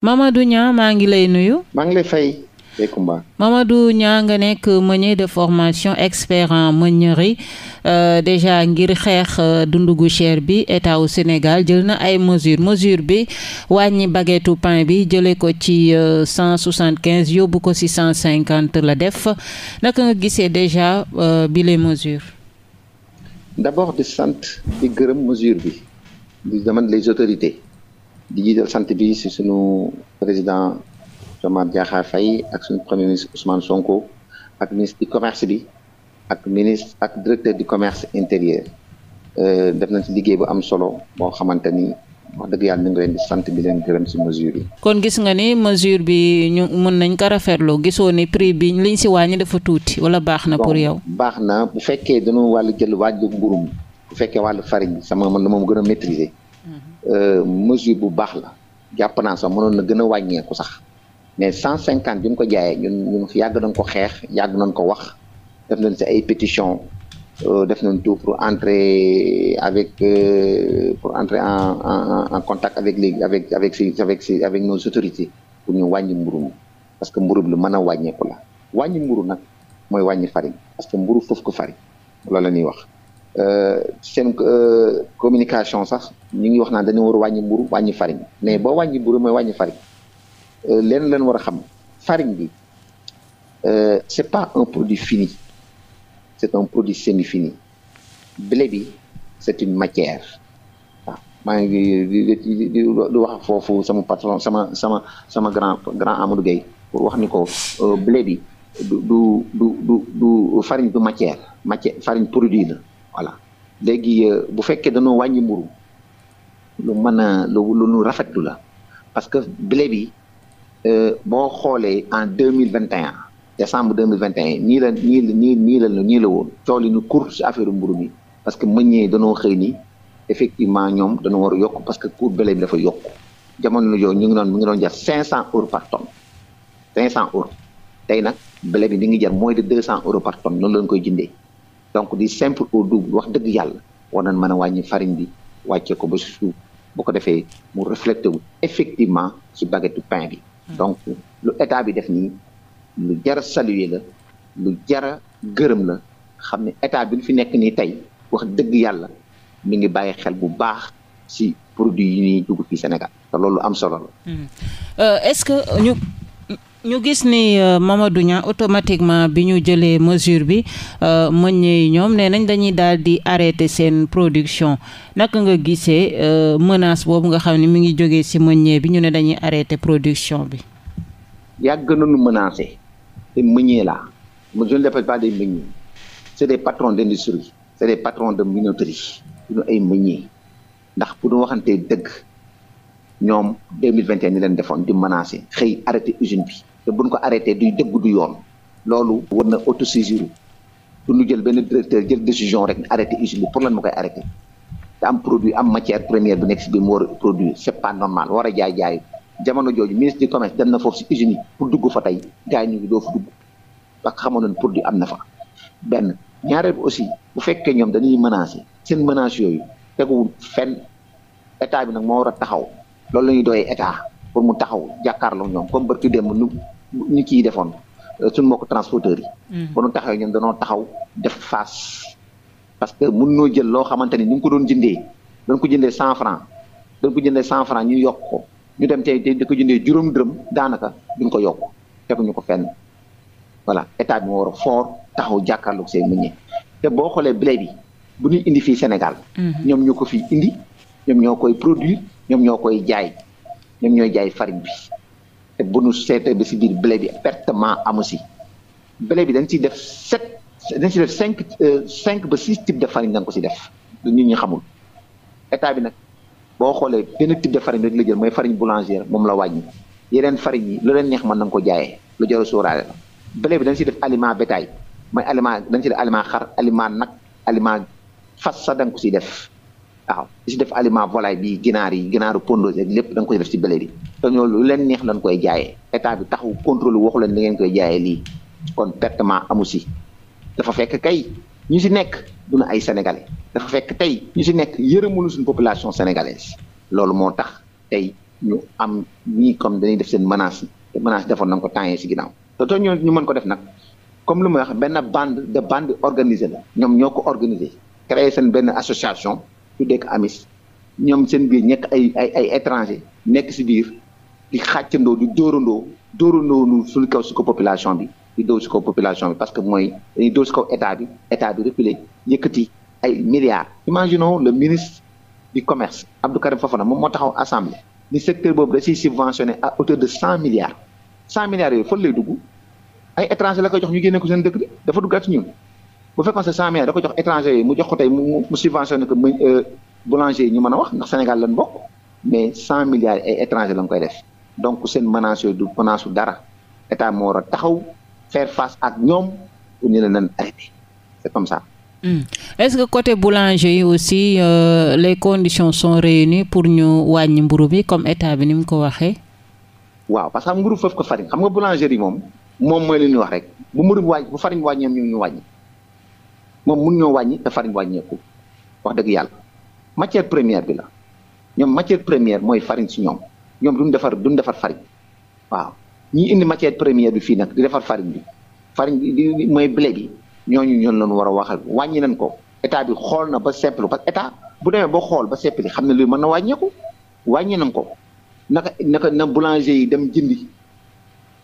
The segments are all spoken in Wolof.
Mamadou Niang maa ngi lay nuyu. maa ngi nga nekk meunier de formation expert en meunier euh, déjà ngir xeex euh, dundu gu cher bi état wu Sénégal jël na ay mesures mesure bi wàññi baguette pain bi jëlee ko ci euh, cent soixante quinze yóbbu ko ci cent cinquante la def naka nga gisee déjà euh, bi mesure di jiital sant bi si suñu président Diomaye Diakhar Faye ak suñu premier ministre Ousmane Sonko ak ministre du commerce bi ak ministre ak directeur di commerce intérieur euh, def na si liggéey bu am solo boo xamante ni wax dëgg yàlla ñu ngi leen sant bi leen gërëm si mesure yi. kon gis nga ni mesure bi ñu mën nañ ko rafetlu gisoo ni prix bi liñ si wàññi dafa tuuti wala baax na. pour yow baax na bu fekkee dañoo wàllu jël wàllu mburum bu fekkee wàllu farine bi sama man la moom gën a maîtriser Euh, mesure bu baax la jàpp naa sax mënoon na gën a wàññeeku sax mais cent cinquante bi mu ko jaayee ñun ñun yàgg nañ ko xeex yàgg nañ ko wax def nañ si ay pétition euh, def nañ tout pour entrer avec euh, pour entrer en en en contact avec les avec avec si avec si avec nos autorités pour ñu wàññi mburu mi parce que mburu bi lu mën a wàññeeku la wàññi mburu nag mooy wàññi farine parce que mburu foofu ko farine loolu la ñuy wax seen communication sax ñu ngi wax naan dañu war a wàññi mburu wàññi farine mais boo wàññi mburu mooy wàññi farine euh, leen leen war a xam farine bi euh, c'est pas un produit fini c'est un produit semi fini blé c'est une matière waaw maa ngi di di wax foofu sama patron sama sama sama grand grand Amadou Gueye pour wax ni ko euh, blé bi du du du du du matière matière farine produit la voilà léegi bu fekkee dañoo wàññi mburu lu mën a lu lu nu rafetlu la parce que blé bi euh, boo xoolee en deux mille vingt et un décembre deux mille vingt et un nii la nii la nii la nii woon coow li nu court si affaire mburu mi parce que meññee danoo xëy ni effectivement ñoom danoo war a yokk parce que ku blé bi dafa yokk jamono jooju ñu ngi doon mu ngi doon jar cinq cent euros par tonne cinq cent euros tey nag blé bi mi ngi jar mooy de deux cent euros par tonne noonu lañu koy jëndee donc di simple au dugg wax dëgg yàlla war nañ mën a wàññi farine bi wàccee ko ba si suuf bu ko defee mu reflété wu effectivement ci baguette pain bi hmm. donc lu état bi def nii lu jara saluer la lu jara gërëm la xam ne état bi lu fi nekk nii tey wax dëgg yàlla mu ngi bàyyi xel bu baax ci produit yi ñuy dugg fi Sénégal te loolu am solo la hmm. euh, est-ce que ñu ñu gis ni euh, Mamadou Niang automatiquement bi ñu jëlee mesure bi euh, meññee yi ñoom nee nañ dañuy daal di arrêté seen production naka nga gisee euh, menace boobu nga xam ne mi ngi jógee ci meññee bi ñu ne dañuy arrêté production bi. yàgg nañu menacé te meññee la je ne l'appelle pas des meññee c'est des patrons d'industrie c'est des patrons de minoterie ñu ay meññee ndax pour ñu waxantee dëgg. ñoom 2021 ni leen defoon di menacé xëy arrêté usine bi te buñ ko arrêté duy dëgg du yoon loolu war na auto autosaisir pour ñu jël benn directeur jël décision rek arrêté usine bi pour lan ma koy arrêté te am produit am matière première bi nekk bi mu war a produit war a jaay jaay jamono jooju ministre du commerce dem na foofu si usine yi pour dugg fa tey gars yi ñu ngi doo fa dugg parce que xamoon nañ produit am na fa benn ñaareel aussi bu fekkee ñoom dañuy menacé seen menace yooyu teguwul fenn état bi nag moo war a taxaw loolu la ñuy doyee état pour mu taxaw jàkkaarloo ñoom comme barki démb nu ñu kii defoon euh, suñu mbokk transporteurs yi. Mm-hmm. ba nu taxawee ñoom danoo taxaw def face. parce que mun noo jël loo xamante ni ñu ngi ko doon jëndee dañ ko jëndee cent franc dañ ko jëndee cent franc ñu yokk ko ñu dem te tey di ko jëndee juróom dërëm daanaka duñ ko yokk ñu ko fenn voilà état bi moo war a fort taxaw jàkkaarloog seen meññe te boo xoolee blé bi bu ñuy indi fii Sénégal. Mm-hmm. ñoom ñoo ko fi indi ñoom ñoo koy produire. ñoom ñoo koy jaay ñoom ñooy jaay farine bi te bu nu seetee ba si biir blé bi pertement amu si blé bi dañ si def sept dañ si def euh, cinq ba six types de fariñ dañ ko si def lu nit xamul état bi nag boo xoolee benn type de farine rek la jël mooy farine boulangère moom la wàññi yeneen farine yi lu leen neex mën nañ ko jaayee lu jar a sóoraale la blé bi dañ si def aliment bétail mooy aliment dañ si aliment xar aliment nag aliment fas sa dañ ko si def waaw di si def aliment volaille bi ginaar yi ginaaru pondose ak lépp da koy def si bële yi te ñooñu leen neex lañ koy jaayee état bi taxu contrôle waxu leen li ngeen koy jaayee lii kon pertement amu si dafa fekk kay ñu si nekk duna ay sénégalais dafa fekk tey ñu si nekk yërëmulu suñu population sénégalaise loolu moo tax tey ñu am ñii comme dañuy def seen menace te menace defoon na ko temps si ginnaaw te too ñu mën ko def nag comme lu ma wax benn bande de bande ñoom ñoo ko organisé créé seen benn association ñu dëkk amis ñoom seen biir ñekk ay ay ay étranger nekk si biir di xàccandoo di dóorandoo dóorandoo suñu kaw si ko population bi di dóor si ko population bi parce que mooy dañuy dóor si kaw état bi état bi reculé yëkkati ay milliards imaginons le ministre du commerce Abdou Karim Fofana moom moo taxaw assemblée ni secteur boobu da siy subventionné à hauteur de cent milliards cent milliards yooyu fan lay dugg ay étranger la ko jox ñu génnee ko seen dëkk bi dafa duggaat ñun bu fekkoon sa cent millions da ko jox étranger yi mu jox ko tey mu mu subventionné ko euh, boulanger yi ñu mën a wax ndax Sénégal lañ bokk mais cent milliards ay étranger lañ koy def donc seen menace du menace su dara état moo war a taxaw faire face ak ñoom pour ñu ne leen arrêté c'est comme ça. Hmm. est-ce que côté boulanger yi aussi euh, les conditions son réunies pour ñu wàññi mburu bi comme état bi ni mu ko waxee. waaw parce que xam mburu ko farine xam nga boulanger yi moom moom mooy li ñuy wax rek bu mburu bi wàññi bu farine wàññi ñoom ñu wàññi. moom mun ñoo wàññi te farine wàññeeku wax dëgg yàlla matière première bi la ñoom matière première mooy farine si ñoom ñoom duñ defar duñ defar farine waaw ñi indi matière première bi fii nag di defar farine bi farine bi mooy blé bi ñooñu la lañu war a waxal wàññi nañ ko état bi xool na ba simple parce que état bu demee ba xool ba simple xam ne luy man na wàññeeku wàññi nañ ko naka naka na boulanger yi dem jëndi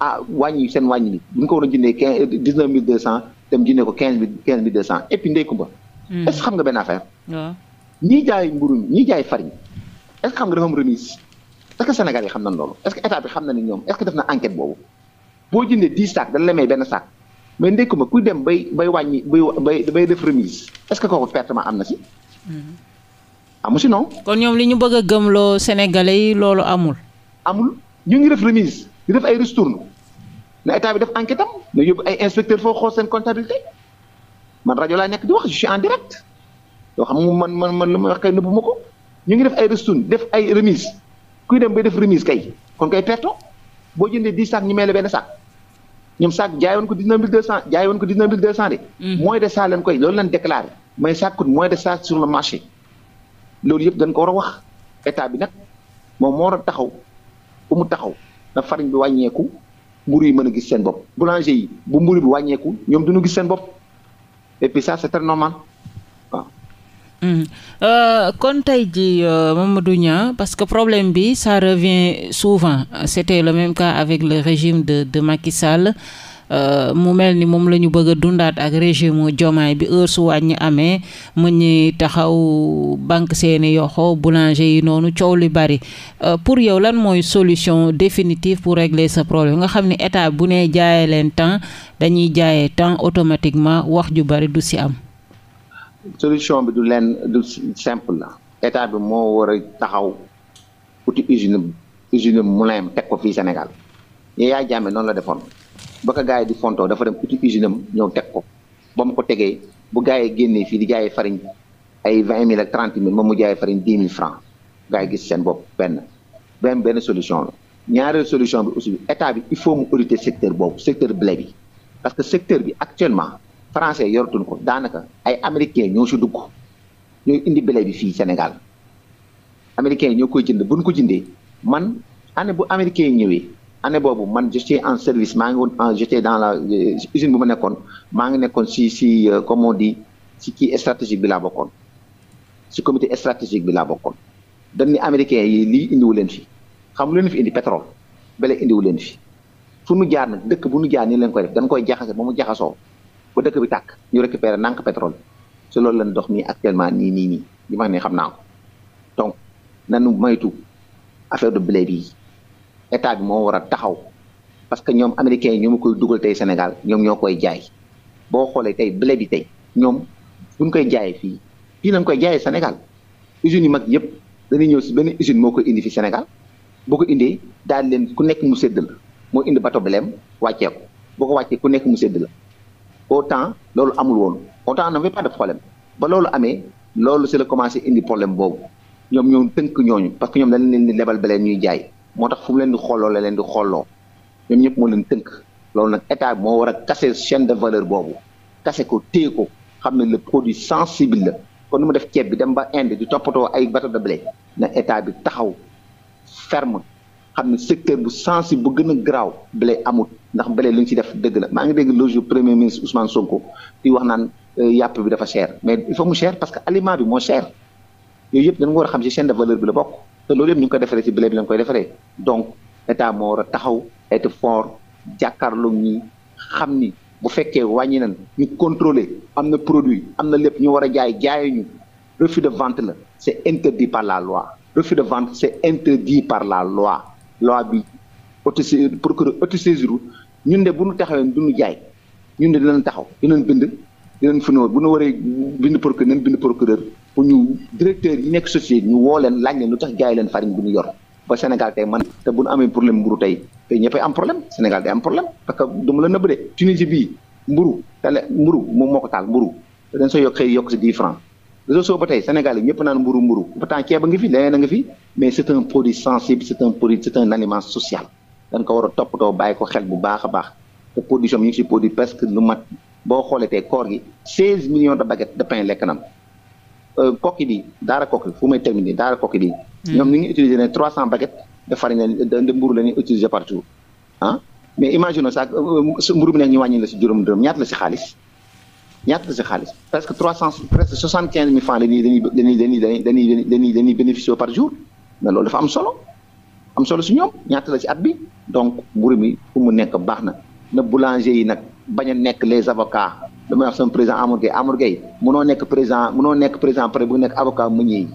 ah wàññi seen wàññi bi bu ko war a jëndee quinze dix neuf mille cent dem jëndee ko quinze mille quinze mille deux cent et puis ndey kumba hmm. est xam nga benn affaire. waaw ñiy jaay mburu mi ñiy jaay farine est xam nga dafa remise est ce yi xam nañ loolu est ce que bi xam na ni ñoom est ce que def na enquête boo jëndee dix sacs dañ may benn sac mais ndey kumba kuy dem bay bay wàññi bay bay bay def remise est ce que kooku pertement am na si. Hmm. amu si non. kon ñoom li ñu bëgg a gëmloo Sénégalais yi loolu amul. amul ñu ngi def remise di def ay ristourne na état bi def enquête am na yóbbu ay inspecteur foo xool seen comptabilité man rajo laa nekk di wax je suis en direct yoo xam nga man man man lu ma wax kay nëbbu ma ko ñu ngi def ay restoune def ay remise kuy dem bay def remise kay kon kay perto boo jëndee 10 sacs ñu may la benn sac ñoom sac jaayoon ko 19200 jaayoon ko 19200 de. Mm-hmm. moins de ça leen koy loolu lañ déclaré mais sac coûte moins de ça sur le marché loolu yëpp dañ ko war a wax état bi nag moom moo war a taxaw bu mu taxaw na farine bi wàññeeku. mburu yi mën a gis seen bopp boulanger yi bu mburu bi wàññeeku ñoom duñu gis seen bopp et puis ça c'est normal waaw. Hmm. Euh, kon tey jii euh, Mamadou Niang parce que problème bi ça revient souvent c'était le même cas avec le régime de de Macky Euh, mu mel ni moom la ñu bëgg a dundaat ak régime jomaay bi heure su wàññi amee mën ñi taxaw banque seeni yoxo boulanger yi noonu coow li bari euh, pour yow lan mooy solution définitive pour régler sa problème nga xam ne état bu ne jaayee leen temps dañuy jaayee temps automatiquement wax ju bari du si am solution bi du leen du simple la état bi moo war a taxaw uti usine usine moulin teg ko fii Sénégal Yaya Jammeh noonu la defoon ba ko gars yi di fontoo dafa dem uti usine ñëw teg ko ba mu ko tegee bu gars yi génnee fii di jaayee farine ay vingt mille ak trente mille moom mu jaay farine dix mille franc gars yi gis seen bopp benn benn benn solution la ñaareel solution bi aussi état bi il faut mu auditer secteur boobu secteur blé bi parce que secteur bi actuellement français yoratuñ ko daanaka ay américains ñoo si dugg ñooy indi blé bi fii Sénégal américains yi ñoo koy jënd ko jëndee man année bu américains yi année boobu man j'étais en service maa ngi woon en ah, j'étais dans la euh, usine bu ma nekkoon maa ngi nekkoon si si euh, comme on dit si kii stratégique bi laa bokkoon si comité stratégique bi laa bokkoon dañ ni américains yi lii indiwu leen fi xam leen fi indi pétrole bale indiwu leen fi fu nu jaar na dëkk bu nu jaar nii leen koy def dañ koy jaxase ba mu jaxasoo ba dëkk bi tàkk ñu récupérer nànk pétrole si loolu lañ dox mi actuellement nii nii nii li ma ne xam naa ko donc nanu maytu affaire de blé bii état bi moo war a taxaw parce que ñoom américains yi ñoo koy dugal tey Sénégal ñoom ñoo koy jaay boo xoolee tey blé bi tey ñoom buñ koy jaayee fii fii lañ koy jaayee Sénégal usines yi mag yëpp dañuy ñëw si benn usine moo koy indi fi Sénégal boo ko indee daal leen ku nekk mu sedd la moo indi bato bileem wàccee ko boo ko wàccee ku nekk mu sedd la autant loolu amul woon autant n'avait pas de problème ba loolu amee loolu si la commencé indi problème boobu ñoom ñoo tënk ñooñu parce que ñoom dañ leen di lebal beleen ñuy jaay moo tax fu mu leen di xooloo leen di xooloo ñoom ñëpp moo leen tënk loolu nag état bi moo war a casser chaîne de valeur boobu kase ko téye ko xam ne le produit sensible la kon nu mu def ceeb bi dem ba Inde di toppatoo ay bateau de blé na état bi taxaw ferme xam ne secteur bu sensible bu gën a garaaw blé amut ndax blé li ñu ci def dëgg la maa ngi dégg loolu premier ministre Ousmane Sonko di wax naan euh, yàpp bi dafa cher mais il faut mu cher parce que aliment bi moo cher yooyu a xam ci chaîne bi la bokk. te loolu yëpp ñu ngi ko defaree ci blé bi lañ koy defaree donc état moo war a taxaw et fort jàkkaarloog ñi xam ni bu fekkee wàññi nañ ñu contrôler am na produit am na lépp ñu war a jaay ñu refus de vente la c'est interdit par la loi refus de vente c'est interdit par la loi loi bi autosaisir procureur autosaisir ñun de bu ñu taxawee duñu jaay ñun de dinañ taxaw dinañ bind dinañ fa ñëw bu ñu waree bind procureur nañ bind procureur pour ñu directeur yi nekk société ñu woo leen laaj leen lu tax jaay leen farine bu ñu yor ba Sénégal tey man te bu ñu amee problème mburu tey tey ñëppay am problème Sénégal day am que dama la nëbb de Tunisie mburu mburu moom moo ko taal mburu te dañ soo yokk xëy si 10 réseau soo ba tey Sénégal yi ñëpp naan mburu mburu pourtant ceeb a ngi fi leneen a ngi fi mais c'est un produit sensible c'est un produit social dañ ko war a toppatoo bàyyi ko xel bu baax a baax te production bi ñu ngi si produit presque mat boo xoolee tey koor gi 16 millions de baguettes de pain lekk nam kokki bi daara kokki fu may terminer daara kokki bi. Hmm. ñoom ñu ngi utiliser ne 300 baguettes de farine de mburu la ñuy utiliser partout ah mais euh, mburu bi nag ñu wàññi la si juróom dërëm ñaata la si xaalis ñaata la si xaalis presque 300 presque 75 mille francs dañuy dañuy dañuy dañuy dañuy dañuy dañuy bénéficier par jour mais loolu dafa am solo am solo si ñoom ñaata la si at bi donc mburu bi fu mu nekk baax na na boulanger yi nag. bañ a nekk les avocats lu may wax sama président Amour Gueye Amour Gueye noo nekk président munoo nekk président pare bu nekk avocat mu ñëw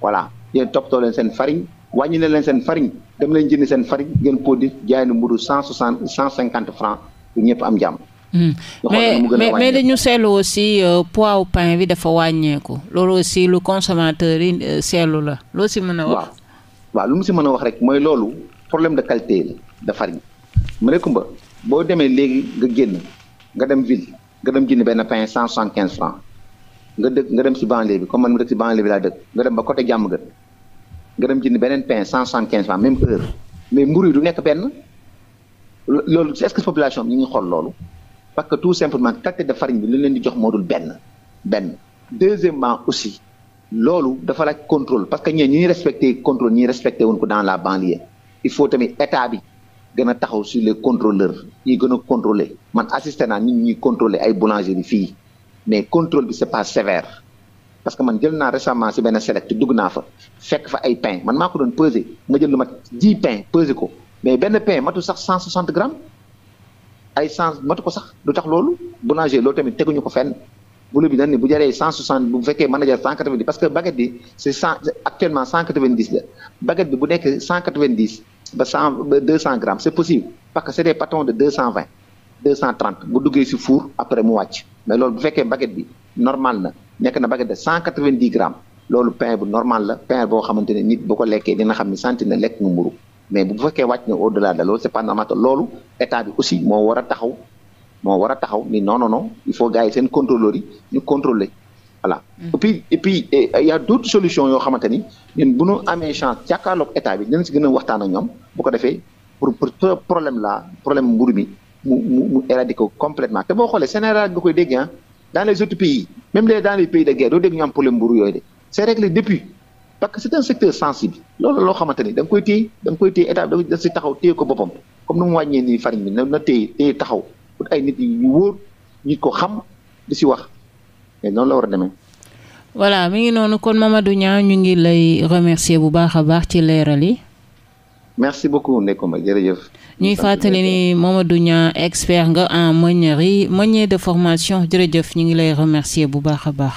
voilà yéen toppatoo leen seen farine wàññi na leen seen farine dem leen jënd seen farine ngeen produit jaay na mburu cent soixante cent cinquante francs pour ñëpp am jàmm. Mmh. mais mais mais dañu seetlu aussi euh, pain bi dafa wàññeeku loolu aussi lu consommateur yi euh, la loo si mën a wax. waaw lu mu si mën a wax rek mooy loolu problème de qualité la de farine. ma ne Kumba boo demee léegi nga génn nga dem ville nga dem jënd benn pain cent cent quinze franc nga dëkk nga dem si banlieue bi comme man mu dëkk si banlieue bi laa dëkk nga dem ba côté jàmm gën nga dem jënd beneen pain cent soixante quinze franc même heure mais mburu yi du nekk benn loolu est-ce que population bi ñu ngi xool loolu parce que tout simplement quantité de farine bi lu leen di jox moo dul benn benn deuxièmement aussi loolu dafa laaj contrôle parce que ñee ñi respecté contrôle ñi respecté wuñ ko dans la banlieue il faut tamit état bi gën a taxaw si les contrôleurs ñi gën a contrôler man assisté naa nit ñuy contrôler ay boulangerie fii mais contrôle bi c'est pas sévère parce que man jël naa récemment si benn select dugg naa fa fekk fa ay pain man maa ko doon peser ma jël lu mat dix pain peser ko mais benn pain matu sax cent soixante grammes ay cent matu ko sax lu tax loolu boulanger loolu tamit teguñu ko fenn boulot bi dañ ne bu jaree cent soixante bu fekkee mën na jar cent quatre vingt dix parce que baguette bi c'est cent actuellement cent quatre vingt dix la baguette bi bu nekk cent quatre vingt dix ba cent ba deux cent grammes c'est possible parce que c'est des pâtons de deux cent trente bu duggee si four après mu wàcc mais loolu bu fekkee baguette bi normal na nekk na baguette de cent quatre vingt dix grammes loolu pain bu normal la pain boo xamante ne nit boo ko lekkee dina xam ne santi na lekk nga mburu mais bu fekkee wàcc na au delà de loolu c'est pas normal te loolu état bi aussi moo war a taxaw moo war a taxaw ni non non non il faut gars yi seen contrôleur yi ñu contrôler voilà. Mm. et puis et puis il y a d'autres solutions yoo xamante ni ñun bu ñu amee chance jàkkaarloog état bi dinañ si gën a waxtaan a ñoom bu ko defee pour pour problème la problème mburu mi mu mu mu éradiquer ko complètement te boo xoolee Sénégal nga koy dégg ah dans les autres pays même les dans les pays de guerre doo dégg ñu problème mburu yooyu de c'est réglé depuis parce que c'est un secteur sensible loolu loo xamante ni da koy da koy téye état si taxaw téye ko boppam comme nu mu wàññee nii farine bi taxaw. pour ay nit yi wóor nit ko xam di ci wax mais mi ngi noonu kon Mamadou Niang ñu ngi lay remercier bu baax a baax ci leeral yi. merci beaucoup Ndekuma jërëjëf. ñuy fàttali ni Mamadou Niang expert nga en meunier meunier de formation jërëjëf ñu ngi lay remercier bu baax a baax.